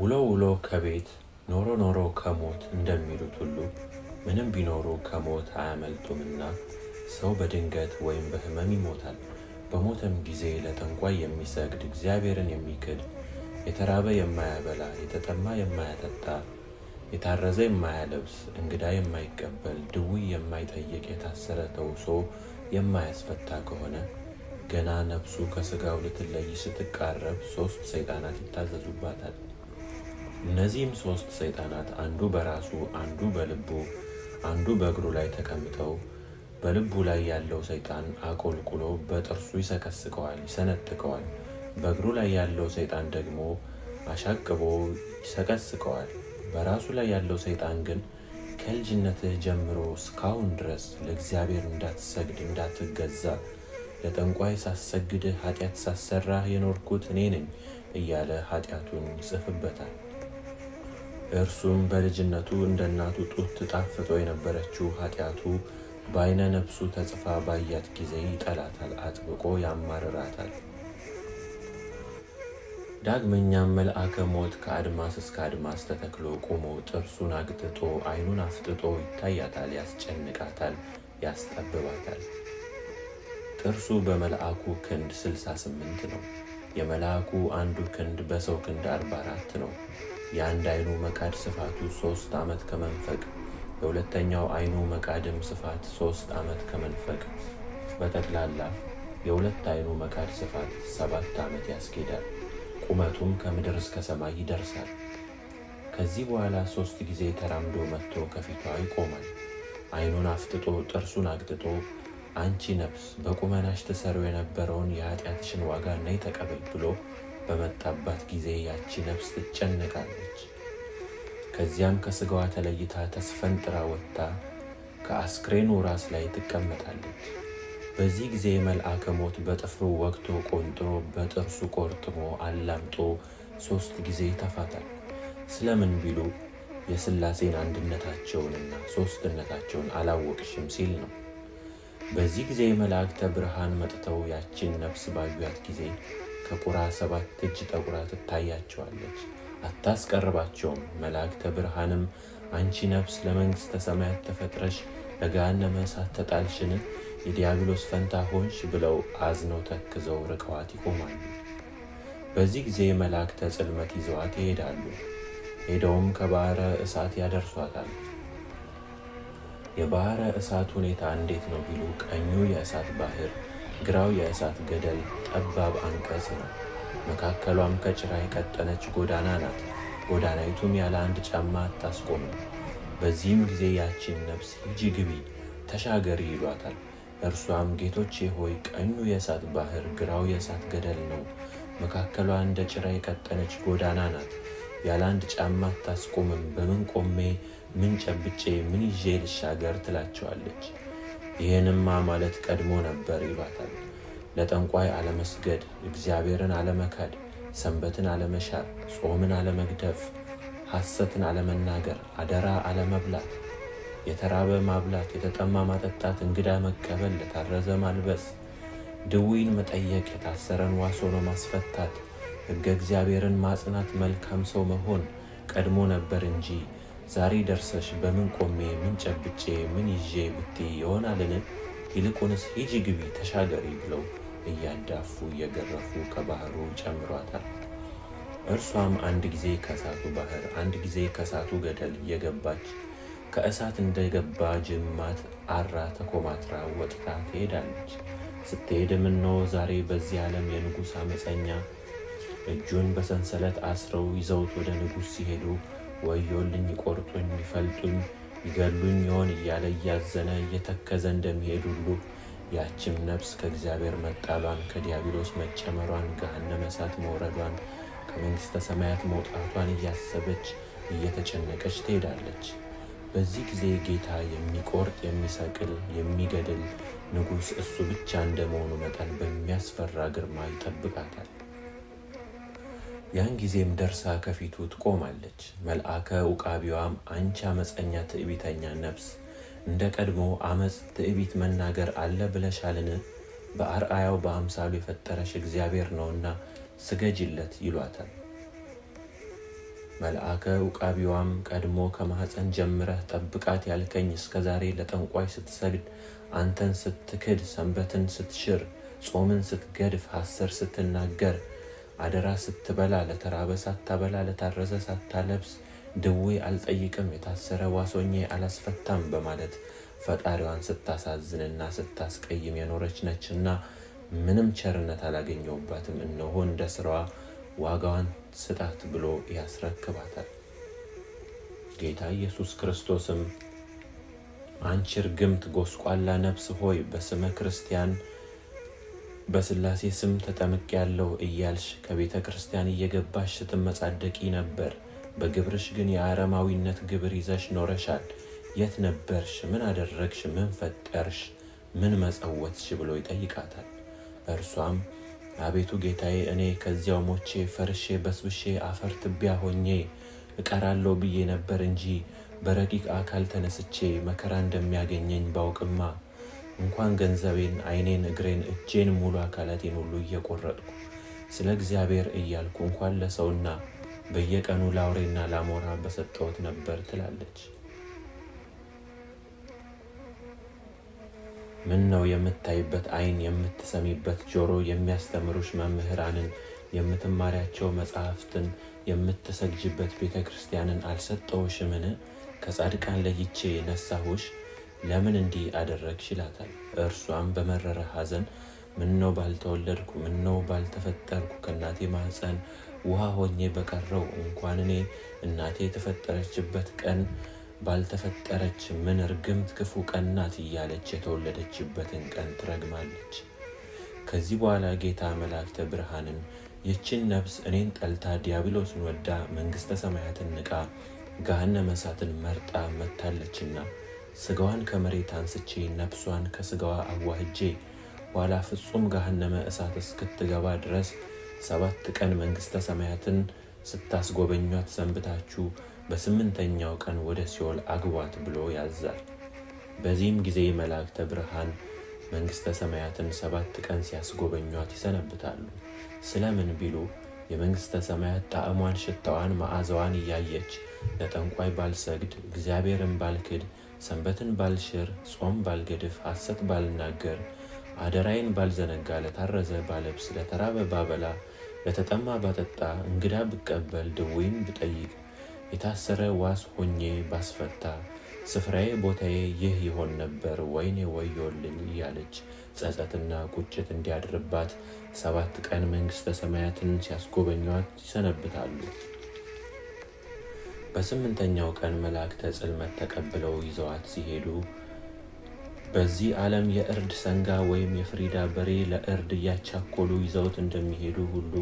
ውሎ ውሎ ከቤት ኖሮ ኖሮ ከሞት እንደሚሉት ሁሉ ምንም ቢኖሩ ከሞት አያመልጡምና ሰው በድንገት ወይም በህመም ይሞታል። በሞተም ጊዜ ለጠንቋይ የሚሰግድ እግዚአብሔርን የሚክድ የተራበ የማያበላ የተጠማ የማያጠጣ የታረዘ የማያለብስ እንግዳ የማይቀበል ድውይ የማይጠይቅ የታሰረ ተውሶ የማያስፈታ ከሆነ ገና ነፍሱ ከስጋው ልትለይ ስትቃረብ ሶስት ሰይጣናት ይታዘዙባታል። እነዚህም ሶስት ሰይጣናት አንዱ በራሱ አንዱ በልቡ አንዱ በእግሩ ላይ ተቀምጠው በልቡ ላይ ያለው ሰይጣን አቆልቁሎ በጥርሱ ይሰከስቀዋል፣ ይሰነጥቀዋል። በእግሩ ላይ ያለው ሰይጣን ደግሞ አሻቅቦ ይሰቀስቀዋል። በራሱ ላይ ያለው ሰይጣን ግን ከልጅነትህ ጀምሮ እስካሁን ድረስ ለእግዚአብሔር እንዳትሰግድ እንዳትገዛ ለጠንቋይ ሳሰግድ ኃጢአት ሳሰራ የኖርኩት እኔ ነኝ እያለ ኃጢአቱን ይጽፍበታል። እርሱም በልጅነቱ እንደ እናቱ ጡት ትጣፍጦ የነበረችው ኃጢአቱ በአይነ ነፍሱ ተጽፋ ባያት ጊዜ ይጠላታል፣ አጥብቆ ያማርራታል። ዳግመኛም መልአከ ሞት ከአድማስ እስከ አድማስ ተተክሎ ቆሞ ጥርሱን አግጥጦ አይኑን አፍጥጦ ይታያታል፣ ያስጨንቃታል፣ ያስጠብባታል። ጥርሱ በመልአኩ ክንድ 68 ነው። የመልአኩ አንዱ ክንድ በሰው ክንድ 44 ነው። የአንድ አይኑ መቃድ ስፋቱ ሦስት ዓመት ከመንፈቅ የሁለተኛው ዓይኑ መቃድም ስፋት ሦስት ዓመት ከመንፈቅ በጠቅላላ የሁለት አይኑ መቃድ ስፋት ሰባት ዓመት ያስኬዳል። ቁመቱም ከምድር እስከ ሰማይ ይደርሳል። ከዚህ በኋላ ሦስት ጊዜ ተራምዶ መጥቶ ከፊቷ ይቆማል። አይኑን አፍጥጦ ጥርሱን አግጥጦ አንቺ ነፍስ በቁመናሽ ተሰሮ የነበረውን የኃጢአትሽን ዋጋ ነይ ተቀበል ብሎ በመጣባት ጊዜ ያቺ ነፍስ ትጨነቃለች። ከዚያም ከስጋዋ ተለይታ ተስፈንጥራ ወጥታ ከአስክሬኑ ራስ ላይ ትቀመጣለች። በዚህ ጊዜ መልአከ ሞት በጥፍሩ ወግቶ ቆንጥሮ በጥርሱ ቆርጥሞ አላምጦ ሦስት ጊዜ ተፋታል። ስለምን ቢሉ የሥላሴን አንድነታቸውንና ሦስትነታቸውን አላወቅሽም ሲል ነው። በዚህ ጊዜ መላእክተ ብርሃን መጥተው ያችን ነፍስ ባዩያት ጊዜ ከቁራ ሰባት እጅ ጠቁራ ትታያቸዋለች፣ አታስቀርባቸውም። መላእክተ ብርሃንም አንቺ ነፍስ ለመንግሥተ ሰማያት ተፈጥረሽ በገሃነመ እሳት ተጣልሽን? የዲያብሎስ ፈንታ ሆንሽ ብለው አዝነው ተክዘው ርቀዋት ይቆማሉ። በዚህ ጊዜ መላእክተ ጽልመት ይዘዋት ይሄዳሉ። ሄደውም ከባሕረ እሳት ያደርሷታል። የባህረ እሳት ሁኔታ እንዴት ነው ቢሉ ቀኙ የእሳት ባህር ግራው የእሳት ገደል ጠባብ አንቀጽ ነው። መካከሏም ከጭራ የቀጠነች ጎዳና ናት። ጎዳናይቱም ያለ አንድ ጫማ አታስቆምም። በዚህም ጊዜ ያቺን ነፍስ ሂጂ፣ ግቢ፣ ተሻገሪ ይሏታል። እርሷም ጌቶቼ ሆይ ቀኙ የእሳት ባህር ግራው የእሳት ገደል ነው። መካከሏ እንደ ጭራ የቀጠነች ጎዳና ናት። ያለ አንድ ጫማ አታስቆምም። በምን ቆሜ ምን ጨብጬ ምን ይዤ ልሻገር ትላቸዋለች። ይህንማ ማለት ቀድሞ ነበር ይሏታል። ለጠንቋይ አለመስገድ፣ እግዚአብሔርን አለመካድ፣ ሰንበትን አለመሻር፣ ጾምን አለመግደፍ፣ ሐሰትን አለመናገር፣ አደራ አለመብላት፣ የተራበ ማብላት፣ የተጠማ ማጠጣት፣ እንግዳ መቀበል፣ ለታረዘ ማልበስ፣ ድዊን መጠየቅ፣ የታሰረን ዋስ ሆኖ ማስፈታት፣ ሕገ እግዚአብሔርን ማጽናት፣ መልካም ሰው መሆን ቀድሞ ነበር እንጂ ዛሬ ደርሰሽ በምን ቆሜ ምን ጨብጬ ምን ይዤ ብትይ ይሆናልን? ይልቁንስ ሂጂ ግቢ ተሻገሪ ብለው እያዳፉ እየገረፉ ከባህሩ ጨምሯታል። እርሷም አንድ ጊዜ ከእሳቱ ባህር አንድ ጊዜ ከእሳቱ ገደል እየገባች ከእሳት እንደገባ ጅማት አራ ተኮማትራ ወጥታ ትሄዳለች። ስትሄድም እነሆ ዛሬ በዚህ ዓለም የንጉሥ አመፀኛ እጁን በሰንሰለት አስረው ይዘውት ወደ ንጉሥ ሲሄዱ ወዮልኝ ይቆርጡኝ፣ ይፈልጡኝ፣ ይገሉኝ ይሆን እያለ እያዘነ እየተከዘ እንደሚሄድ ሁሉ ያችም ነፍስ ከእግዚአብሔር መጣሏን ከዲያብሎስ መጨመሯን ገሃነመ እሳት መውረዷን ከመንግሥተ ሰማያት መውጣቷን እያሰበች እየተጨነቀች ትሄዳለች። በዚህ ጊዜ ጌታ የሚቆርጥ የሚሰቅል፣ የሚገድል ንጉሥ እሱ ብቻ እንደመሆኑ መጠን በሚያስፈራ ግርማ ይጠብቃታል። ያን ጊዜም ደርሳ ከፊቱ ትቆማለች። መልአከ ውቃቢዋም አንቺ አመፀኛ ትዕቢተኛ ነፍስ እንደ ቀድሞ አመፅ፣ ትዕቢት መናገር አለ ብለሻልን? በአርአያው በአምሳሉ የፈጠረሽ እግዚአብሔር ነውና ስገጅለት ይሏታል። መልአከ ውቃቢዋም ቀድሞ ከማኅፀን ጀምረህ ጠብቃት ያልከኝ እስከ ዛሬ ለጠንቋይ ስትሰግድ፣ አንተን ስትክድ፣ ሰንበትን ስትሽር፣ ጾምን ስትገድፍ፣ ሐሰር ስትናገር አደራ ስትበላ ለተራበ ሳታበላ ለታረዘ ሳታለብስ ድዌ አልጠይቅም የታሰረ ዋሶኜ አላስፈታም በማለት ፈጣሪዋን ስታሳዝንና ስታስቀይም የኖረች ነችና ምንም ቸርነት አላገኘውባትም። እነሆ እንደ ስራዋ ዋጋዋን ስጣት ብሎ ያስረክባታል። ጌታ ኢየሱስ ክርስቶስም አንቺ ርግምት ጎስቋላ ነፍስ ሆይ በስመ ክርስቲያን በስላሴ ስም ተጠምቅ ያለው እያልሽ ከቤተ ክርስቲያን እየገባሽ ስትመጻደቂ ነበር። በግብርሽ ግን የአረማዊነት ግብር ይዘሽ ኖረሻል። የት ነበርሽ? ምን አደረግሽ? ምን ፈጠርሽ? ምን መጸወትሽ? ብሎ ይጠይቃታል። እርሷም አቤቱ ጌታዬ፣ እኔ ከዚያው ሞቼ ፈርሼ በስብሼ አፈር ትቢያ ሆኜ እቀራለሁ ብዬ ነበር እንጂ በረቂቅ አካል ተነስቼ መከራ እንደሚያገኘኝ ባውቅማ እንኳን ገንዘቤን፣ አይኔን እግሬን፣ እጄን፣ ሙሉ አካላቴን ሁሉ እየቆረጥኩ ስለ እግዚአብሔር እያልኩ እንኳን ለሰውና በየቀኑ ለአውሬና ለአሞራ በሰጠሁት ነበር ትላለች። ምን ነው የምታይበት አይን የምትሰሚበት ጆሮ የሚያስተምሩሽ መምህራንን የምትማሪያቸው መጽሐፍትን የምትሰግጅበት ቤተ ክርስቲያንን ምን ከጻድቃን ለይቼ ነሳሁሽ ለምን እንዲህ አደረግሽ ይላታል። እርሷም በመረረ ሐዘን ምነው ባልተወለድኩ፣ ምነው ባልተፈጠርኩ፣ ከእናቴ ማህፀን ውሃ ሆኜ በቀረው እንኳን እኔ እናቴ የተፈጠረችበት ቀን ባልተፈጠረች፣ ምን እርግምት ክፉ ቀናት እያለች የተወለደችበትን ቀን ትረግማለች። ከዚህ በኋላ ጌታ መላእክተ ብርሃንን ይችን ነፍስ እኔን ጠልታ ዲያብሎስን ወዳ መንግሥተ ሰማያትን ንቃ ገሃነመ እሳትን መርጣ መታለችና ስጋዋን ከመሬት አንስቼ ነፍሷን ከስጋዋ አዋህጄ ኋላ ፍጹም ገሃነመ እሳት እስክትገባ ድረስ ሰባት ቀን መንግሥተ ሰማያትን ስታስጎበኟት ሰንብታችሁ በስምንተኛው ቀን ወደ ሲኦል አግቧት ብሎ ያዛል። በዚህም ጊዜ መላእክተ ብርሃን መንግሥተ ሰማያትን ሰባት ቀን ሲያስጎበኟት ይሰነብታሉ። ስለምን ቢሉ የመንግሥተ ሰማያት ጣዕሟን፣ ሽታዋን፣ መዓዛዋን እያየች ለጠንቋይ ባልሰግድ፣ እግዚአብሔርን ባልክድ ሰንበትን ባልሽር፣ ጾም ባልገድፍ፣ ሐሰት ባልናገር፣ አደራዬን ባልዘነጋ፣ ለታረዘ ባለብስ፣ ለተራበ ባበላ፣ ለተጠማ ባጠጣ፣ እንግዳ ብቀበል፣ ድዌን ብጠይቅ፣ የታሰረ ዋስ ሆኜ ባስፈታ፣ ስፍራዬ ቦታዬ ይህ ይሆን ነበር፣ ወይኔ ወዮልኝ እያለች ጸጸትና ቁጭት እንዲያድርባት ሰባት ቀን መንግሥተ ሰማያትን ሲያስጎበኟት ይሰነብታሉ። በስምንተኛው ቀን መላእክተ ጽልመት ተቀብለው ይዘዋት ሲሄዱ በዚህ ዓለም የእርድ ሰንጋ ወይም የፍሪዳ በሬ ለእርድ እያቻኮሉ ይዘውት እንደሚሄዱ ሁሉ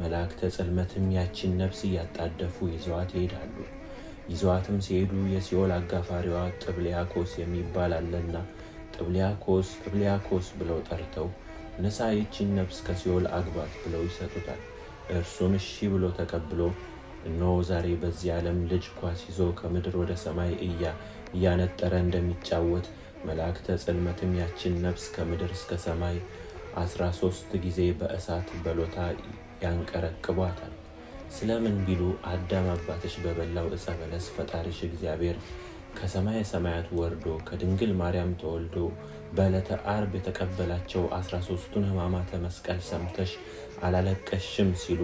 መላእክተ ጽልመትም ያችን ነፍስ እያጣደፉ ይዘዋት ይሄዳሉ። ይዘዋትም ሲሄዱ የሲኦል አጋፋሪዋ ጥብሊያኮስ የሚባል አለና ጥብሊያኮስ ጥብሊያኮስ ብለው ጠርተው ንሳ ይችን ነፍስ ከሲኦል አግባት ብለው ይሰጡታል። እርሱም እሺ ብሎ ተቀብሎ እነሆ ዛሬ በዚህ ዓለም ልጅ ኳስ ይዞ ከምድር ወደ ሰማይ እያ እያነጠረ እንደሚጫወት መላእክተ ጽልመትም ያችን ነፍስ ከምድር እስከ ሰማይ አስራ ሶስት ጊዜ በእሳት በሎታ ያንቀረቅቧታል። ስለምን ቢሉ አዳም አባትሽ በበላው ዕፀ በለስ ፈጣሪሽ እግዚአብሔር ከሰማይ ሰማያት ወርዶ ከድንግል ማርያም ተወልዶ በዕለተ አርብ የተቀበላቸው አስራ ሶስቱን ሕማማተ መስቀል ሰምተሽ አላለቀሽም ሲሉ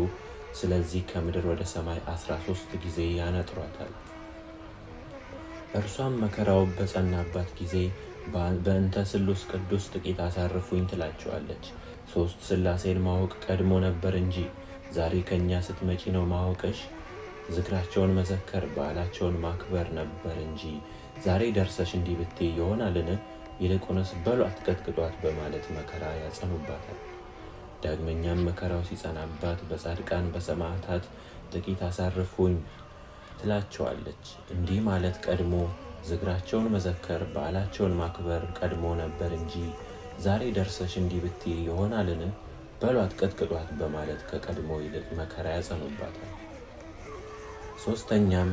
ስለዚህ ከምድር ወደ ሰማይ አስራ ጊዜ ያነጥሯታል። እርሷም መከራው በጸናባት ጊዜ በእንተ ስሉስ ቅዱስ ጥቂት አሳርፉኝ ትላቸዋለች። ሶስት ስላሴን ማወቅ ቀድሞ ነበር እንጂ ዛሬ ከእኛ ስትመጪ ነው ማወቅሽ። ዝክራቸውን መዘከር፣ በዓላቸውን ማክበር ነበር እንጂ ዛሬ ደርሰሽ እንዲህ ብትይ ይሆናልን? ይልቁንስ በሉ አትቀጥቅጧት በማለት መከራ ያጸኑባታል። ዳግመኛም መከራው ሲጸናባት በጻድቃን በሰማዕታት ጥቂት አሳርፉኝ ትላቸዋለች። እንዲህ ማለት ቀድሞ ዝግራቸውን መዘከር በዓላቸውን ማክበር ቀድሞ ነበር እንጂ ዛሬ ደርሰሽ እንዲህ ብትይ ይሆናልን? በሏት ቀጥቅጧት በማለት ከቀድሞ ይልቅ መከራ ያጸኑባታል። ሶስተኛም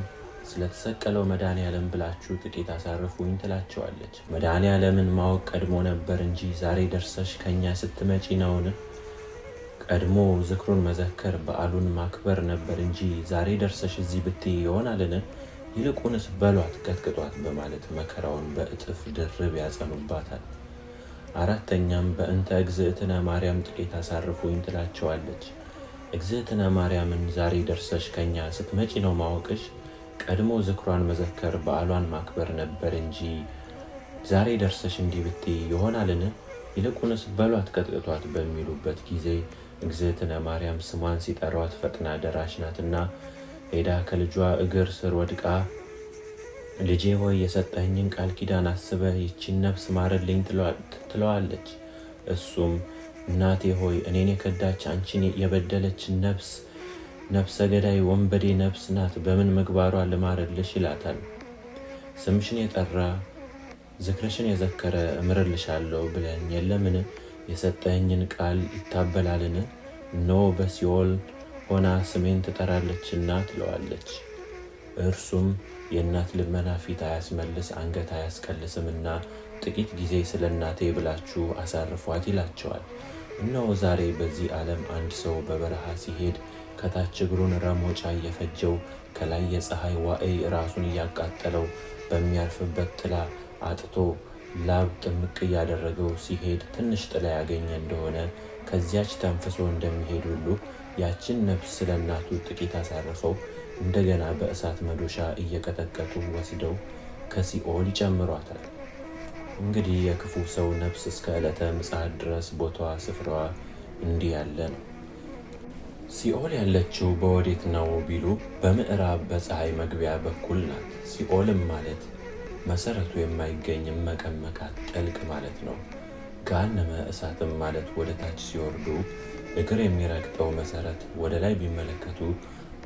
ስለተሰቀለው መድኃኔ ዓለም ብላችሁ ጥቂት አሳርፉኝ ትላቸዋለች። መድኃኔ ዓለምን ማወቅ ቀድሞ ነበር እንጂ ዛሬ ደርሰሽ ከእኛ ስትመጪ ነውን? ቀድሞ ዝክሩን መዘከር በዓሉን ማክበር ነበር እንጂ ዛሬ ደርሰሽ እዚህ ብትይ ይሆናልን? ይልቁንስ በሏት፣ ቀጥቅጧት በማለት መከራውን በእጥፍ ድርብ ያጸኑባታል። አራተኛም በእንተ እግዝእትነ ማርያም ጥቂት አሳርፉኝ ትላቸዋለች። እግዝእትነ ማርያምን ዛሬ ደርሰሽ ከኛ ስትመጪ ነው ማወቅሽ። ቀድሞ ዝክሯን መዘከር በዓሏን ማክበር ነበር እንጂ ዛሬ ደርሰሽ እንዲህ ብትይ ይሆናልን? ይልቁንስ በሏት ቀጥቅጧት በሚሉበት ጊዜ እግዝእትነ ማርያም ስሟን ሲጠሯት ፈጥና ደራሽ ናትና ሄዳ ከልጇ እግር ስር ወድቃ ልጄ ሆይ የሰጠኝን ቃል ኪዳን አስበህ ይቺን ነፍስ ማርልኝ ትለዋለች። እሱም እናቴ ሆይ እኔን የከዳች አንቺን የበደለች ነፍስ ነፍሰ ገዳይ ወንበዴ ነፍስ ናት፣ በምን ምግባሯ ልማርልሽ ይላታል። ስምሽን የጠራ ዝክርሽን የዘከረ እምርልሻለሁ ብለኝ የለምን? የሰጠኝን ቃል ይታበላልን? ኖ በሲኦል ሆና ስሜን ትጠራለችና ትለዋለች። እርሱም የእናት ልመና ፊት አያስመልስ አንገት አያስቀልስምና ጥቂት ጊዜ ስለ እናቴ ብላችሁ አሳርፏት ይላቸዋል። እነሆ ዛሬ በዚህ ዓለም አንድ ሰው በበረሃ ሲሄድ ከታች እግሩን ረሞጫ እየፈጀው ከላይ የፀሐይ ዋዕይ ራሱን እያቃጠለው በሚያርፍበት ጥላ አጥቶ ላብ ጥምቅ እያደረገው ሲሄድ ትንሽ ጥላ ያገኘ እንደሆነ ከዚያች ተንፍሶ እንደሚሄድ ሁሉ ያችን ነፍስ ስለ እናቱ ጥቂት አሳርፈው እንደገና በእሳት መዶሻ እየቀጠቀጡ ወስደው ከሲኦል ይጨምሯታል። እንግዲህ የክፉ ሰው ነፍስ እስከ ዕለተ ምጽአት ድረስ ቦታዋ፣ ስፍራዋ እንዲህ ያለ ነው። ሲኦል ያለችው በወዴት ነው ቢሉ በምዕራብ በፀሐይ መግቢያ በኩል ናት። ሲኦልም ማለት መሰረቱ የማይገኝ መቀመቃት ጥልቅ ማለት ነው። ገሃነመ እሳትም ማለት ወደ ታች ሲወርዱ እግር የሚረግጠው መሰረት ወደ ላይ ቢመለከቱ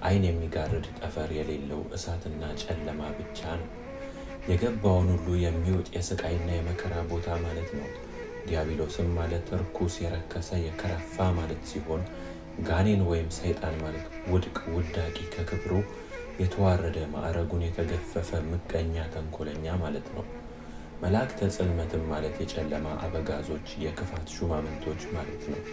ዓይን የሚጋርድ ጠፈር የሌለው እሳትና ጨለማ ብቻ ነው። የገባውን ሁሉ የሚውጥ የስቃይና የመከራ ቦታ ማለት ነው። ዲያብሎስም ማለት ርኩስ፣ የረከሰ፣ የከረፋ ማለት ሲሆን ጋኔን ወይም ሰይጣን ማለት ውድቅ፣ ውዳቂ ከክብሩ የተዋረደ ማዕረጉን የተገፈፈ ምቀኛ ተንኮለኛ ማለት ነው። መላእክተ ጽልመትም ማለት የጨለማ አበጋዞች የክፋት ሹማምንቶች ማለት ነው።